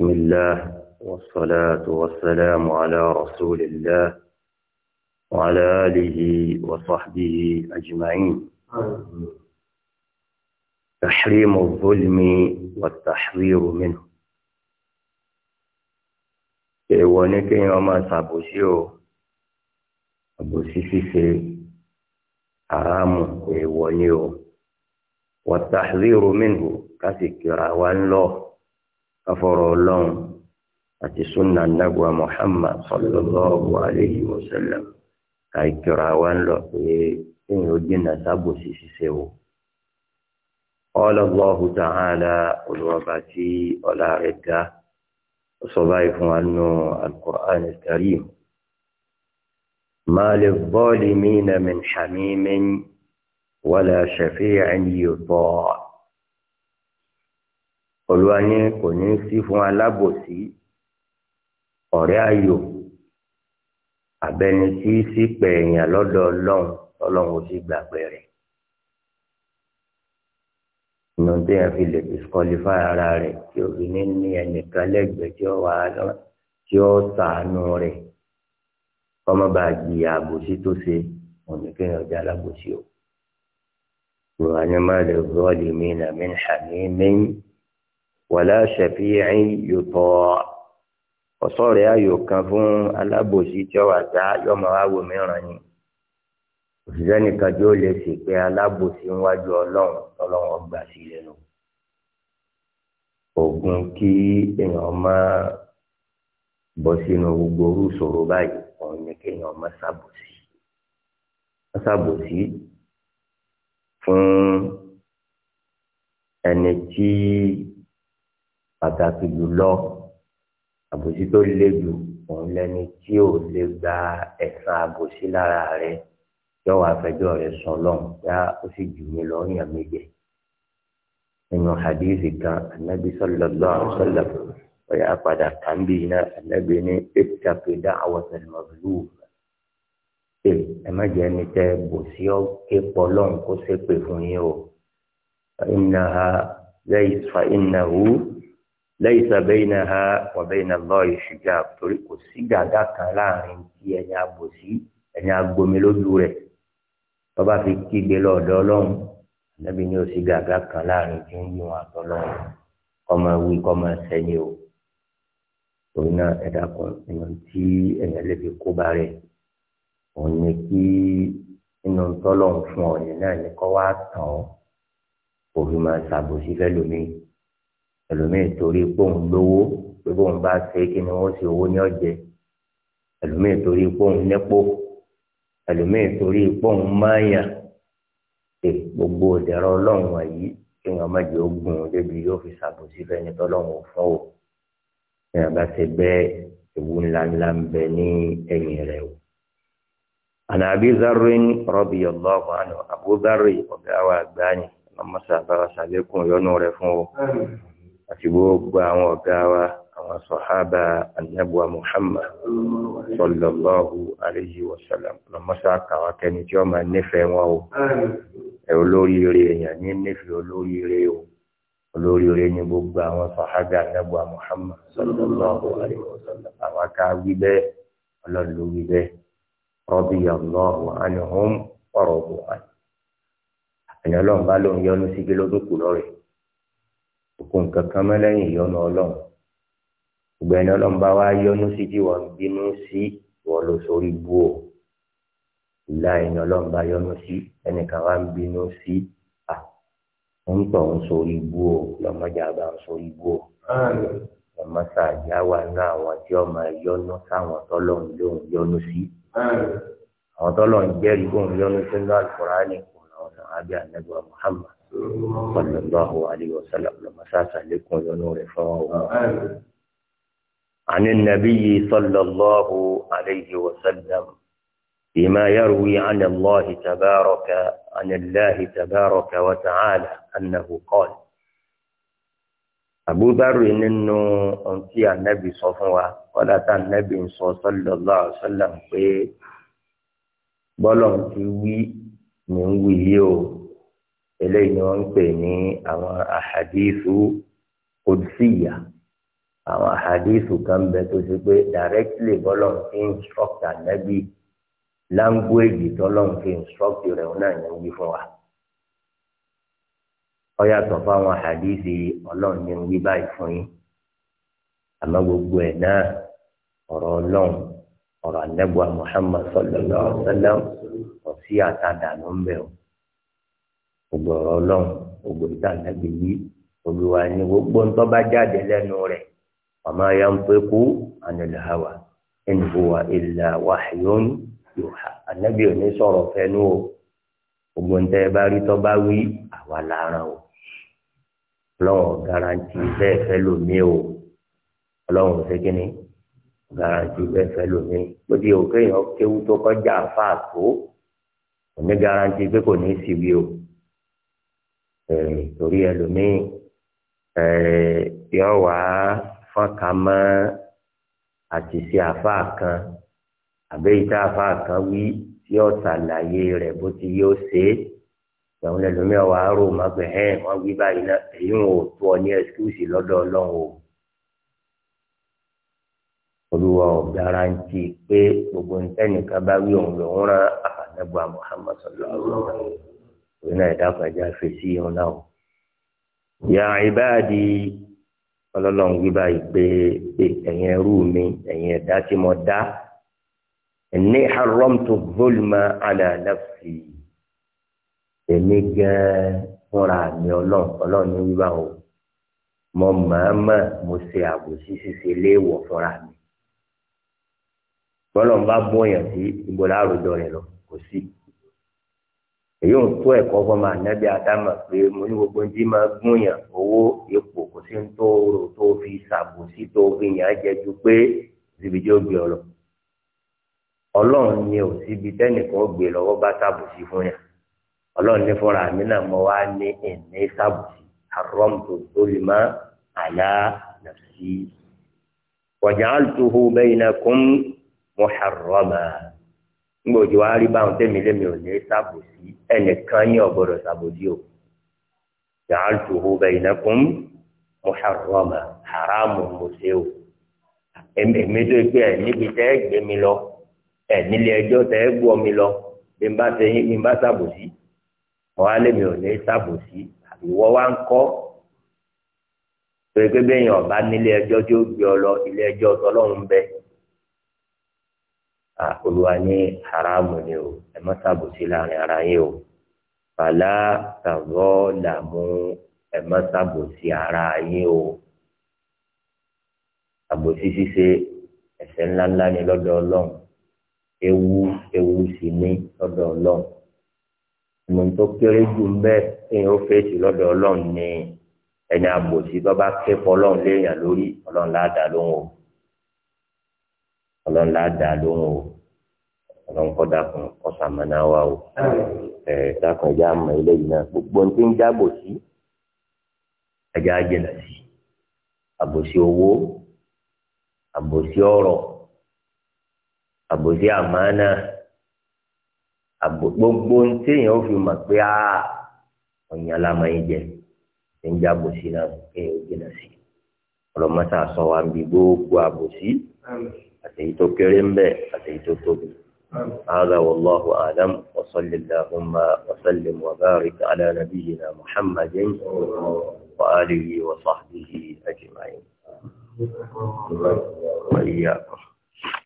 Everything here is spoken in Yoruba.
بسم الله والصلاة والسلام على رسول الله وعلى آله وصحبه أجمعين تحريم الظلم والتحذير منه èèwọ̀ ní kí wọ́n máa ṣàbòsí o àbòsí ṣíṣe àrámù èèwọ̀ ni o wàtàhírù mìíràn afọ̀rọ̀ ọlọ́run àti sunna nagwa muhammad sallallahu alayhi wa sallam ká ìkìrọ̀ àwa ń lọ pé èèyàn ó jìnnà sábòsí ṣíṣe o. ọlọ́gbọ́hù ta'ala olùwàbà tí ọlá rẹ̀ fún wa nù al-Qur'an al-Karim. ما للظالمين من حميم ولا شفيع يطاع olúwa yín kò ní í sí fún alábòsí ọ̀rẹ́ ayò abẹni tí í sí pẹ̀yìn lọ́dọ̀ ọlọ́run ọlọ́run ò sì gbàgbé rẹ̀ inú tí yẹn fi lè disqualify ara rẹ̀ tí obìnrin ní ẹnìkan lẹ́gbẹ̀ẹ́ tí ó wà tí ó sàánú rẹ̀ ọmọ jìyà àbòsí tó ṣe òní kéèyàn alábòsí o. ìwà ni má lè rọ́ọ̀lì mí nà mí hàmí mí wàlá ṣẹ̀fíìn yòtọ̀ ọ̀sọ́rẹ̀ ayò kan fún alábòsí tí ó wà tá yọmọ awò mìíràn ni òṣìṣẹ́ nìkan tí ó lè ṣe pé alábòsí ńwájú ọlọ́run ọlọ́run ọgbà sí lẹ́nu oògùn kí èèyàn máa bọ́ sínú gbogbo orú ìṣòro báyìí òun ni kéèyàn máa ṣàbòsí máa ṣàbòsí fún ẹni tí pàtàkì jùlọ àbòsí tó le jù òun lẹni tí ò lè gba ẹ̀san àbòsí lára rẹ̀ yọwọ àfẹjọ́ rẹ̀ sùn lọhùn yá ó sì jù mí lọ yàn mí jẹ nínú hadithi kan anabi sallallahu alaihi wasallam ọyà padà kàmbí iná anabi ní ittaqi da'wata al-mazlum ẹ ẹ má jẹ ẹni tẹ bòsí ọ ké pọ lọhùn kó ṣépè fún yín o fa innaha laysa fa innahu laysa baynaha wa bayna Allahi hijab torí kò sí gàgà kan láàrin tí ẹni àbòsí ẹni agbomi lójú rẹ̀ tọ́ba fi kígbe lọ́dọ̀ ọlọ́run lẹ́bi ní òsì gàgà kan láàrin tí ń yí wọn àtọ́lọ́run kọ́mọ wí kọ́mọ sẹ́yìn o torí náà ẹ̀dá kan nínú tí ẹ̀yàn lè fi kó bá rẹ̀ òun ni kí nínú tọ́lọ́run fún ọ̀yìn náà ní kọ́ wá tàn ọ́ òfin máa ṣàbòsí fẹ́ lómi ẹlòmíì torí póun lówó pé bóun bá ṣe kí ni wọ́n ṣe owó ní ọ̀jẹ̀ ẹlòmíì torí póun nẹ́pọ̀ ẹlòmíì torí póun máyà ṣe gbogbo ìdẹ̀rọ ọlọ́run wọ̀nyí kí wọ́n má jẹ́ ogun débi yóò fi ṣàbòsí fẹ́ni tọ́lọ́run ò fún o ní àbá ṣe bẹ́ẹ̀ ewu ńláńlá ń bẹ ní ẹ̀yìn rẹ̀ o. عن أبي ذر رضي الله عنه أبو ذر وقعوا أباني لما سأبرس عليكم ينور فوق àti gbogbo àwọn ọ̀gá wa àwọn sọ̀hábà anábùwà Muhammad sallallahu alayhi wa sallam lọ́mọ́sá kàwá kẹni tí ó máa nífẹ̀ẹ́ wọn o ẹ̀ olóríire èèyàn ní nífẹ̀ẹ́ olóríire o olóríire ní gbogbo àwọn sọ̀hábà anábùwà Muhammad sallallahu alayhi wa àwọn aká wí bẹ́ẹ̀ ọlọ́run ló wí bẹ́ẹ̀ radiyallahu kò nǹkan kan mọ́ lẹ́yìn ìyọ́nú ọlọ́run ìgbà ẹni ọlọ́run bá wá yọ́nú sí tí wọ́n bínú sí wọ́n lọ sórí bú o ìlà ẹni ọlọ́run bá yọ́nú sí ẹnìkan wá ń bínú sí à ń tọ̀ ń sórí bú o lọ́mọdé àbá ń sórí bú o ọmọ sàájá wà ní àwọn tí ọmọ yọ́nú sáwọn tọ́lọ́run lóun yọ́nú sí àwọn tọ́lọ́run jẹ́rìí bóun yọ́nú sínú àlùkùránì kò náà ọ̀nà àbí ànẹ́gbà Muhammad sallallahu alayhi wa sallam lọ́mọ́sáàsà lẹ́kùn ìyọnu rẹ̀ fún wa. عن النبي صلى الله عليه وسلم بما يروي عن الله تبارك عن الله تبارك وتعالى أنه قال àbúbárò nínú ohun tí ànábì sọ fún wa kọ́lá tá ànábì ń sọ sallallahu alaihi wasallam pé bọ́lọ̀ ti wí ni ń wí yìí o eléyìí ni wọ́n ń pè ní àwọn àhàdíìsù kòdìsíyà àwọn àhàdíìsù kan bẹ tó ṣe pé directly bọ́lọ̀ ń fi instruct ànábì language tọ́lọ̀ ń fi instruct rẹ̀ ń náà yẹn wí fún wa. ó yàtọ̀ fáwọn àhàdíìsì ọlọ́run ní wí báyìí fún yín àmọ́ gbogbo ẹ̀ náà ọ̀rọ̀ ọlọ́run ọ̀rọ̀ ànábì Muhammad sallallahu alaihi wasallam kò sí ń bẹ̀ gbogbo ọ̀rọ̀ ọlọ́run gbogbo ìtànàbí yìí olùwà ni gbogbo ńtọ́ bá jáde lẹ́nu rẹ̀ ọmọ ya ń pé kú ànàlàwà in huwa illa wahyun yuha ànábì òní sọ̀rọ̀ fẹ́nu o gbogbo ńtẹ́ bá rí tọ́ bá wí àwa lára o ọlọ́run garanti bẹ́ẹ̀ fẹ́ lómi o ọlọ́run ò fẹ́ kíni garanti bẹ́ẹ̀ fẹ́ lómi bó ti yẹ kéèyàn kéwú tó kọjá àfa òní garanti pé kò ní í síbi o. Eh, torí ẹlòmíì eh, yọ wá fọ́nká mọ́ àti ṣe àfáà kan àbẹ́yìí tá àfáà kan wí tí ó ṣàlàyé rẹ̀ bó ti yóò ṣe é ìyàwó ẹlòmíì ọwọ́ àárò màgbẹ̀ hẹ́n wọ́n wí báyìí náà èyí ò tó ọ ní ẹ̀sìkúùsì lọ́dọ̀ ọlọ́run o. olúwa ò garanti pé gbogbo nǹkan nìkan bá wí òun lòún rán àfànàbọ̀ Muhammad sallallahu alaihi òun náà ẹ̀dá pàjá fèsì òun náà o. ìyá ìbáàdì ọlọ́lọ́run wí báyìí pé ẹ̀yin ẹrú mi ẹ̀yin ẹ̀dá tí mo dá ẹ̀ní haramtu zulma ala nafsi èmi gan fúnra mi ọlọ́run ọlọ́run ní wíwá o mo màámà mo ṣe àbòsí ṣíṣe léèwọ̀ fúnra mi bọ́lọ̀ ń bá bóyàn sí ìgbòlá àròjọ rẹ̀ lọ kò sí èyí ń tó ẹ̀kọ́ fún ọmọ ànábì àdámà pé mo ní gbogbo ní máa gúnyàn owó ipò kò sí ń tó rò tó fi ṣàbòsí tó fi yàn á jẹ ju pé zibijó gbé ọ lọ ọlọ́run ni ò síbi tẹ́nìkan gbé lọ́wọ́ bá ṣàbòsí fún yàn ọlọ́run ní fúnra mi náà mo wá ní ìní ṣàbòsí àrọ́m tó tóbi mọ́ àlá nàfsí waja'altuhu bainakum muharrama nígbà òjò wa rí báwọn tẹ̀mí lẹ́mi ò ní ṣàbòsí ẹnìkan yín ọ̀gbọ́dọ̀ ṣàbòsí o ja'altuhu bainakum muharrama haramu mọ̀ṣẹ́ o èmi tó gbé ẹ̀ níbi tẹ́ ẹ gbé mi lọ ẹ̀ nílé ẹjọ́ tẹ́ ẹ gbọ́ mi lọ bí n bá ṣe yín bí n bá ṣàbòsí ọ̀hán lẹ́mi ò ní ṣàbòsí ìwọ wa ń kọ́ pé pé bẹ́ẹ̀ yàn ọba nílé ẹjọ́ tí gbé ọ lọ ilé ẹjọ́ tọ́lọ́run bẹ́ẹ̀ olúwa ní haramu ni o ẹ má ṣàbòsí láàrin ara yín o fàlà tàbọ̀ làmú ẹ má ṣàbòsí ara yín o àbòsí ṣíṣe ẹ̀ṣẹ̀ ńláńlá ni lọ́dọ̀ Ọlọ́run ewu ewu sì ní lọ́dọ̀ Ọlọ́run ìmọ̀ tó kéré jù ń bẹ́ẹ̀ kéèyàn ó fèsì lọ́dọ̀ Ọlọ́run ni ẹni àbòsí bá bá ké fọlọ́run léèyàn lórí Ọlọ́run ládàá lóhùn o ọlọ́run láàdá lóhùn o ọlọ́run kọ́ dákun ọ̀sàmánà wa o ẹ̀ dákun ẹ̀já mọ eléyìí náà gbogbo ní ti ń jábò sí ẹ̀já jìnà sí àbòsí owó àbòsí ọ̀rọ̀ àbòsí àmánà gbogbo ní ti èèyàn fi mọ̀ pé a ọ̀yàn lámọ̀ yín jẹ ti ń jábò sí náà kéèyàn jìnà sí ọlọ́mọ́sá sọ wa ń bi gbogbo àbòsí. أتيت كريم kéré ń bẹ̀ هذا والله أعلم وصل اللهم وسلم وبارك على نبينا محمد وآله وصحبه أجمعين وإياكم